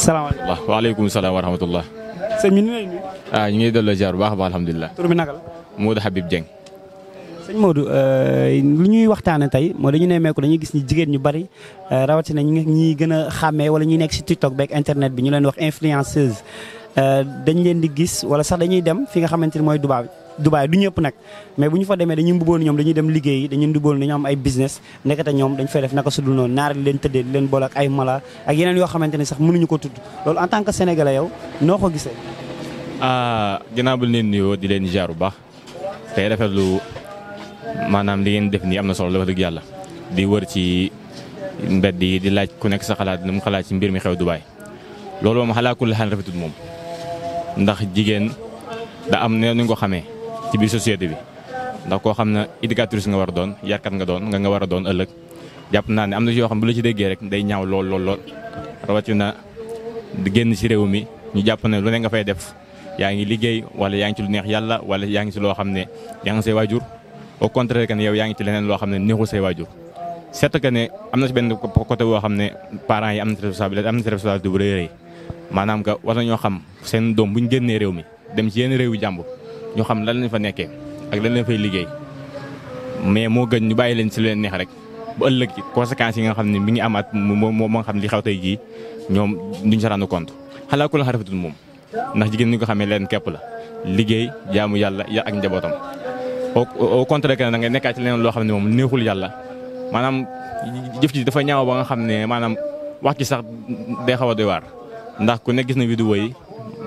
salaamaaleykum waaleykum salaam wa rahmatulah. sëñ bi ñu lay nuyu. ah ñu ngi delloo ziar bu baax baax alhamdulilah. tur bi naka la. Modou Habib Dieng. sëñ Modou euh, lu ñuy waxtaanee tey moo dañu nemmeeku dañuy gis ni jigéen ñu bari euh, rawatina ñi ñuy gën a xàmmee wala ñuy nekk si TikTok beeg internet bi ñu leen wax influenceuse euh, dañ leen di gis wala sax dañuy dem fi nga xamante ni mooy Dubaï. Dubaay du ñëpp nag mais bu ñu fa demee dañuy mbuboon ñoom dañuy dem liggéey dañuy mbuboon dañu am ay business nekkate ñoom dañ fay def naka sudul noonu naar di leen tëddee di leen boole ak ay mala ak yeneen yoo xamante ne sax ñu ko tudd loolu en tant que sénégalais yow noo ko gisee ah, ginnaaw bi leen nuyoo di leen jaar bu baax tey rafetlu maanaam li ngeen def nii am na solo la wax dëgg yàlla di wër ci mbedd yi di laaj ku nekk sa xalaat nu mu xalaat ci mbir mi xew Dubaay loolu moom xalaakul la xaan rafetul moom ndax jigéen da am ne nu ñu ko xamee ci biir société bi ndax koo xam ne éducatrice nga war a doon yarkat nga doon nga nga war a doon ëllëg jàpp naa ne am na ci yoo xam bu la ci déggee rek day ñaaw lool lool lool na di génn ci réew mi ñu jàpp ne lu ne nga fay def yaa ngi liggéey wala yaa ngi ci lu neex yàlla wala yaa ngi ci loo xam ne yaa ngi say waajur oo contraire que ne yow yaa ngi ci leneen loo xam ne neexul say waajur set que ne am na ci benn côté woo xam ne parents yi am na ci responsabilité am na ci responsabilité bu rëy rëy maanaam xam seen doom bu ñu génnee réew mi dem ci yenn réew yu ñu xam lan lañ fa nekkee ak lan lañ fay liggéey mais moo gën ñu bàyyi leen si leen neex rek bu ëllëg conséquences yi nga xam ne mi ngi amaat moo moo nga xam ne li xew tey jii ñoom duñ sa rendre compte xalaa ku la xarafetul moom ndax jigéen ñi ko xamee leen képp la liggéey jaamu yàlla ya ak njabootam au contraire que da nga nekkaat ci leneen loo xam ne moom neexul yàlla maanaam jëf ji dafa ñaaw ba nga xam ne maanaam wax ci sax day xaw a doy waar ndax ku ne gis na vidéo yi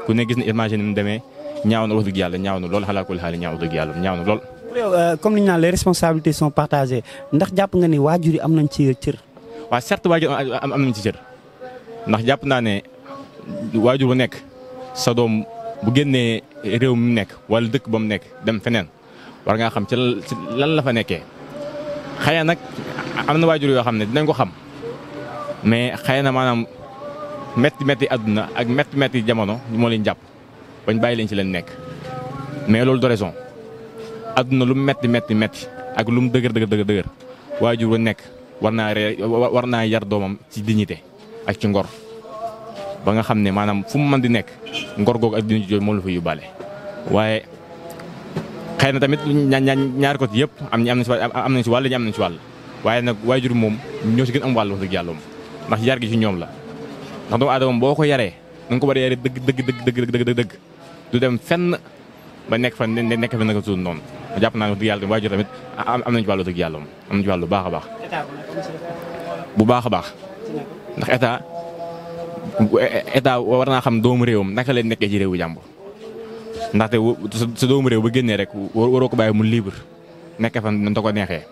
ku ne gis na image ni mu demee ñaaw na wax dëgg yàlla ñaaw na lool xalaakul xaali ñaaw dëgg yàlla ñaaw na lool. Euh, comme ni ñu naan les responsabilités sont ndax jàpp nga ni waajur yi am nañ ci cër. waaw certes waajur am nañ ci cër ndax jàpp naa ne waajur bu nekk sa doom bu génnee réew mi nekk wala dëkk ba mu nekk dem feneen war ngaa xam ci lan la fa nekkee xëy na nag am na waajur yoo xam ne dinañ ko xam mais xëy na maanaam métti métti àdduna ak métti métti jamono moo leen jàpp. bañ bàyyi leen ci leen nekk mais loolu de adduna lu metti metti metti ak lu mu dëgër dëgër dëgër dëgër waajur ba nekk war naa re war naa yar doomam ci dignité ak ci ngor ba nga xam ne maanaam fu mu mën di nekk ngor googu ak dignité jooju moom la fa yóbbaale waaye xëy na tamit ñaar côté yëpp am am nañ si am nañ si wàll ñi nañ si wàll waaye nag waajur moom ñoo si gën am wàll wax dëgg yàlla moom ndax yar gi ci ñoom la ndax doomu aadama boo ko yaree na nga ko war a yaree dëgg dëgg dëgg dëgg dëgg du dem fenn ba nekk fa nekk fa naka suul noonu ma jàpp naa ne wax dëgg yàlla waajur tamit am nañu ci wàllu dëgg yàlla am nañu ci wàllu bu baax a baax. bu baax a baax. ndax état état war naa xam doomu réewam naka lay nekkee ci réewu jàmbur ndaxte sa doomu réew ba génnee rek war ko bàyyi mu libre nekk fa na ko neexee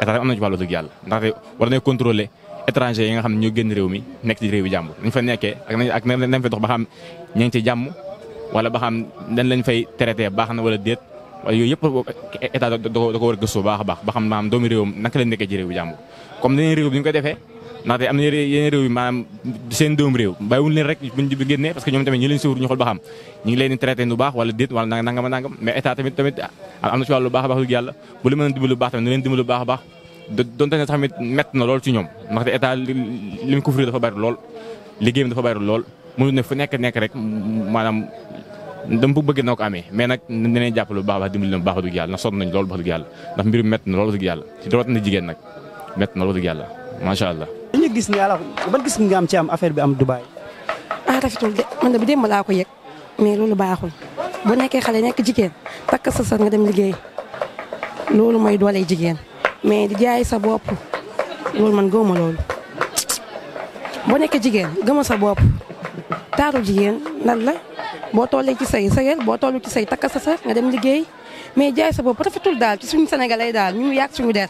état am na ci wàllu dëgg yàlla ndaxte war nañu contrôler étranger yi nga xam ñoo génn réew mi nekk ci réewu jàmbur nañ fa nekkee ak nañ fa dox ba xam ña ci jàmm wala ba xam dañ fay traité baax na wala déet wala yooyu yëpp état da ko war a gëstu baax a baax ba xam maanaam doomu réewam naka lañ nekkee ci réew jàmbur comme dañuy réew bi ñu ko defee ndaxte am na réew yi réew bàyyiwul leen rek buñ bi génnee ñoom tamit ñi leen suur ñu xool ba xam leen di traité baax wala déet wala nangam nangam mais état tamit tamit am na ci wàllu lu baax a baax dëgg bu leen mën a lu baax baax a baax ne tamit mett na lool ci mënu ne fu nekk nekk rek maanaam dama ko bëggee noo ko amee mais nag dinañ jàpp lu baax baax dëgg la ndax sonn nañ loolu wax dëgg yàlla ndax mbirum métti na loolu dëgg yàlla ci dawat na jigéen nag métti na loolu dëgg yàlla macha allah. dañu gis ne alors ban gis nga am ci am affaire bi am Dubaay. ah rafetul de man de bi démb laa ko yëg mais loolu baaxul bu nekkee xale nekk jigéen takk sa sër nga dem liggéey loolu mooy doole jigéen mais di jaay sa bopp loolu man gëmuma loolu boo nekkee jigéen gëmma sa bopp taaru jigéen lan la boo tollee ci say sayal boo tollu ci say takka sa sax nga dem liggéey mais jaay sa bopp rafetul daal ci suñu sénégalais daal ñu yàq suñu der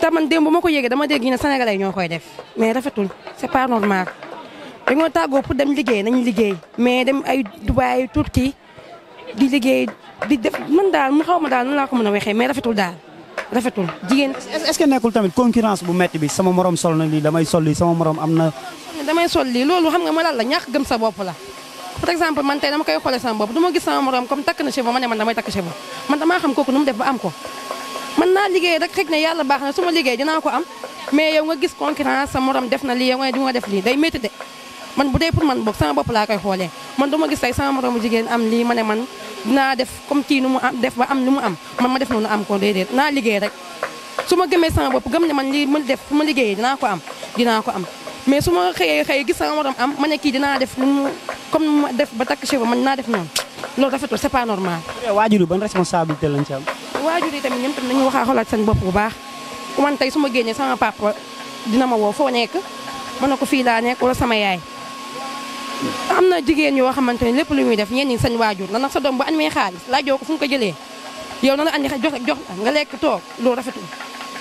te man démb bu ma ko yéegee dama dégg ñu ne sénégalais ñoo koy def mais rafetul c'est pas normal dañoo tàggoo pour dem liggéey nañu liggéey mais dem ay Dubaay Turquie di liggéey di def man daal mu xaw ma daal nu laa ko mën a wexee mais rafetul daal. rafetul jigéen. est-ce que nekkul tamit concurrence bu metti bi sama morom sol na lii damay sol lii sama morom am na. damay sol lii loolu xam nga ma lan la ñàkk gëm sa bopp la par exemple man tey dama koy xoolee sama bopp du ma gis sama morom comme takk na cheveux ma ne man damay takk cheveux man damaa xam kooku nu def ba am ko. man naa liggéey rek xëy na yàlla baax na su ma liggéey dina ko am mais yow nga gis concurrence sa morom def na lii yow nga ne du nga def de man bu dee pour man boo sama bopp laa koy xoolee man dama gis tey sama moromu jigéen am lii ma ne man dinaa def comme kii nu mu am def ba am lu mu am man ma def noonu am ko déedéet naa liggéey rek su ma gëmee sama bopp gëm ne man lii ma def fu ma liggéeyee dinaa ko am dinaa ko am mais su ma xëyee xëy gis sama morom am ma ne kii dinaa def lu comme ma def ba takk cheveux man dinaa def noonu loolu rafetul c'est pas normal. waajur yi ban responsabilité lañ ci am. waajur yi tamit ñoom tamit nañu waxaa xoolaat seen bopp bu baax man tey su ma génnee sama papa dina ma woo foo nekk ma ne ko fii laa nekk wala sama yaay am na jigéen yoo xamante ne lépp lu ñuy def ñenn ñi sañ waajur la nag sa doom bu amee xaalis laajoo ko fu mu ko jëlee yow na la andi jox jox nga lekk toog loolu rafetul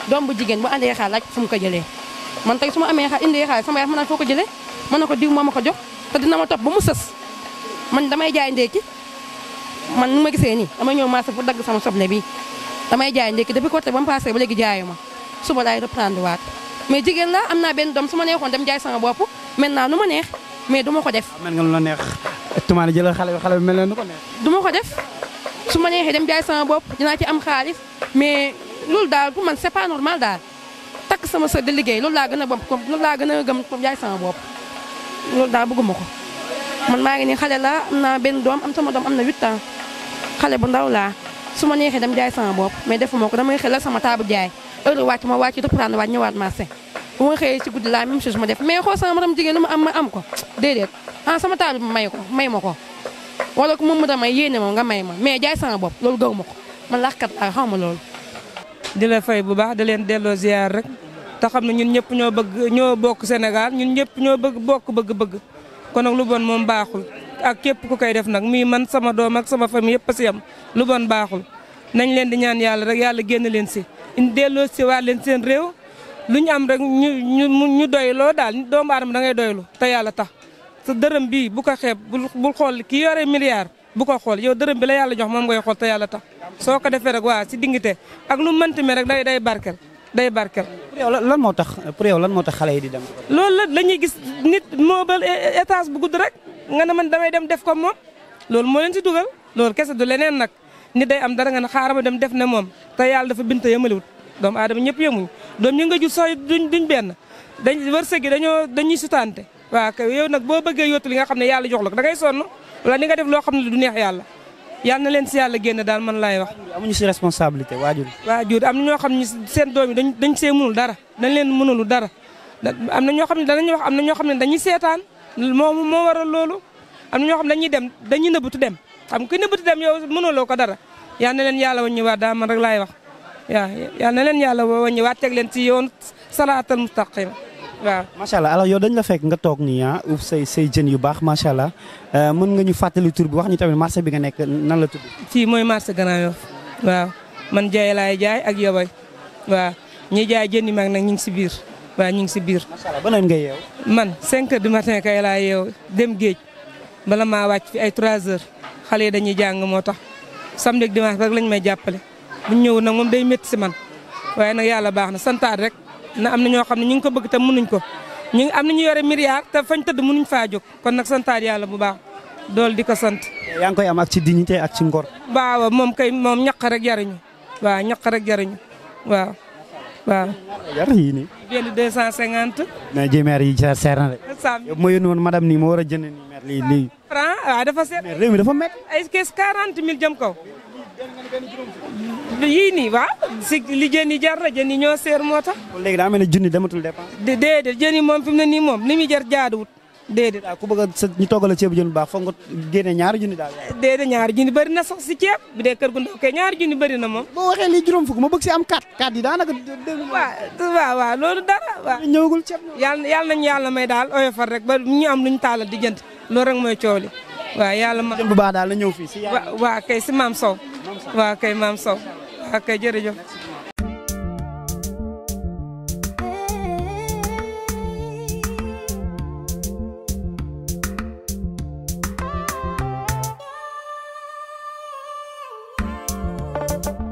doom bu jigéen bu andee xaalis laaj ko fu mu ko jëlee man tey suma ma amee xaalis indee xaalis sama yaay mën naa foo ko jëlee mën na ko diw moo ma ko jox te dina ma topp bu mu sës man damay jaay ndékki man nu ma gisee nii damay ñëw marché pour dagg sama soble bi damay jaay ndékki depuis côté ba mu ba léegi jaayu ma suba laay reprendre waat mais jigéen la am na benn doom su ma neexoon dem jaay sama bopp maintenant nu ma neex mais du ma ko def. mel nga lu la neex tumaane jëlal xale bi xale bi mel na nu ko du ma ko def su ma neexee dem jaay sama bopp dinaa ci am xaalis mais loolu daal pour man c'est pas takk sama sër liggéey loolu laa gën a bopp loolu laa gën a gëm jaay sama bopp loolu daal bëgguma ko man maa ngi nii xale la am naa benn doom am sama doom am na huit ans xale bu ndaw laa su ma neexee dem jaay sama bopp mais defuma ko damay xelal sama taabu jaay. heure wàcc ma wàcc reprendre waat ñëwaat marché bu ma xëyee ci guddi laa même chose ma def mais xool sama maram jigéen ma am ma am ko déedéet ah sama taal bi may ko may ma ko wala ko moom mu damay yéene ma nga may ma mais jaay sama bopp loolu gaw ma ko man laaxkat a xaw ma loolu di la fay bu baax di leen delloo ziar rek te xam ne ñun ñëpp ñoo bëgg ñoo bokk Sénégal ñun ñëpp ñoo bëgg bokk bëgg-bëgg kon nag lu bon moom baaxul ak képp ku koy def nag muy man sama doom ak sama famille yëpp a am lu bon baaxul nañ leen di ñaan yàlla rek yàlla génn leen si delloo si waat leen seen réew lu ñu am rek ñu ñu ñu doyloo daal doomu aadama da ngay doylu te yàlla tax sa dërëm bi bu ko xeeb bul xool kii yore milliard bu ko xool yow dërëm bi la yàlla jox moom ngay xool te yàlla tax soo ko defee rek waa si dingite ak lu mënti me rek day day barkel day barkel. pour moo tax pour lan moo tax xale yi di dem. loolu la dañuy gis nit moo ba e, e, étage bu gudd rek nga ne man damay dem def ko moom loolu moo leen si dugal loolu kese du leneen nag. nit day am dara nga ne xaaral ma dem def ne moom te yàlla dafa binte yëmaliwut doomu aadama ñëpp yemuñ doom ñu nga jur sooy duñ duñ benn dañ war gi dañoo dañuy sutante waaw kay yow nag boo bëggee yóotu li nga xam ne yàlla jox la da ngay sonn wala ni nga def loo xam ne du neex yàlla yàlla na leen si yàlla génn daal man laay wax. amuñu si responsabilité waajur. waajur am na ñoo xam ne seen doom yi dañ dañ see mënul dara dañ leen mënulu dara am na ñoo xam ne danañ wax am na ñoo xam ne dañuy seetaan moo war a loolu am na ñoo xam ne dañuy dem dañuy nëbbu dem xam ku nëbbati dem yow mënuloo ko dara yal na leen yàlla wàññiwaat daal man rek laay wax waaw yal na leen yàlla wàññiwaat teg leen ci yoon salaatal mustaqim waaw macha allah alors yow dañ la fekk nga toog nii ah ub sey say jën yu baax macha allah euh, mën nga ñu fàttali tur bi wax ni tamit marché bi nga nekk nan la tudd. fii mooy marché Grand Yoff waaw man jaay laay jaay ak yobay waaw ñi jaay jën yi mag nag ñu ngi si biir waaw ñu ngi si biir. macha nga yeew. man 5 heures du matin kay laa géej bala maa wàcc fi ay 3 xale yi dañuy jàng moo tax samedi ak dimanche rek lañ may jàppale mu ñëw nag moom day métti si man waaye nag yàlla baax na santaat rek na am na ñoo xam ne ñu ngi ko bëgg tam mu mënuñ ko ñu am na ñu yore milliard te fañ tëdd mënuñ faa jóg kon nag santaat yàlla bu baax dool di ko sant. yaa ngi koy am ak ci dignité ak ci ngor. waaw moom kay moom ñaq rek jariñu waaw ñaq rek jariñu waaw. waaw. jar yii nii. benn deux cent cinquante. mais ji yi jar seer na de. yow ma yónni woon nii ma war a jënd nii meer lii lii. franc waaw ah, dafa seet. mais mi dafa métti. ay kees quarante mille jëm kaw. yii nii waaw si li jën yi jar yi ñoo seer moo tax. léegi daa mel ne junni dematul dépense. déedéet jën yi moom fi mu nii moom li muy jar jaaduwut. déedéet waaw ah, ku bëgg sa ñu toggal a ceeb jën bu baax foog nga génne ñaari junni daal déedéet ñaari junni bëri na sax ceeb bu dee kër gu ndaw kay ñaari junni na moom boo waxee lii juróom fukk ma bëgg si am kat kat daanaka waaw waaw loolu dara waaw ñëwagul ceeb yàlla yàlla nañ yàlla may daal oyofal rek ba ñu am luñ taalal di jënd loolu rek mooy coow li ma bu baa daal la ñëw fii si waaw kay si maam Sow waaw kay maam Sow waaw kay jërëjëf thank you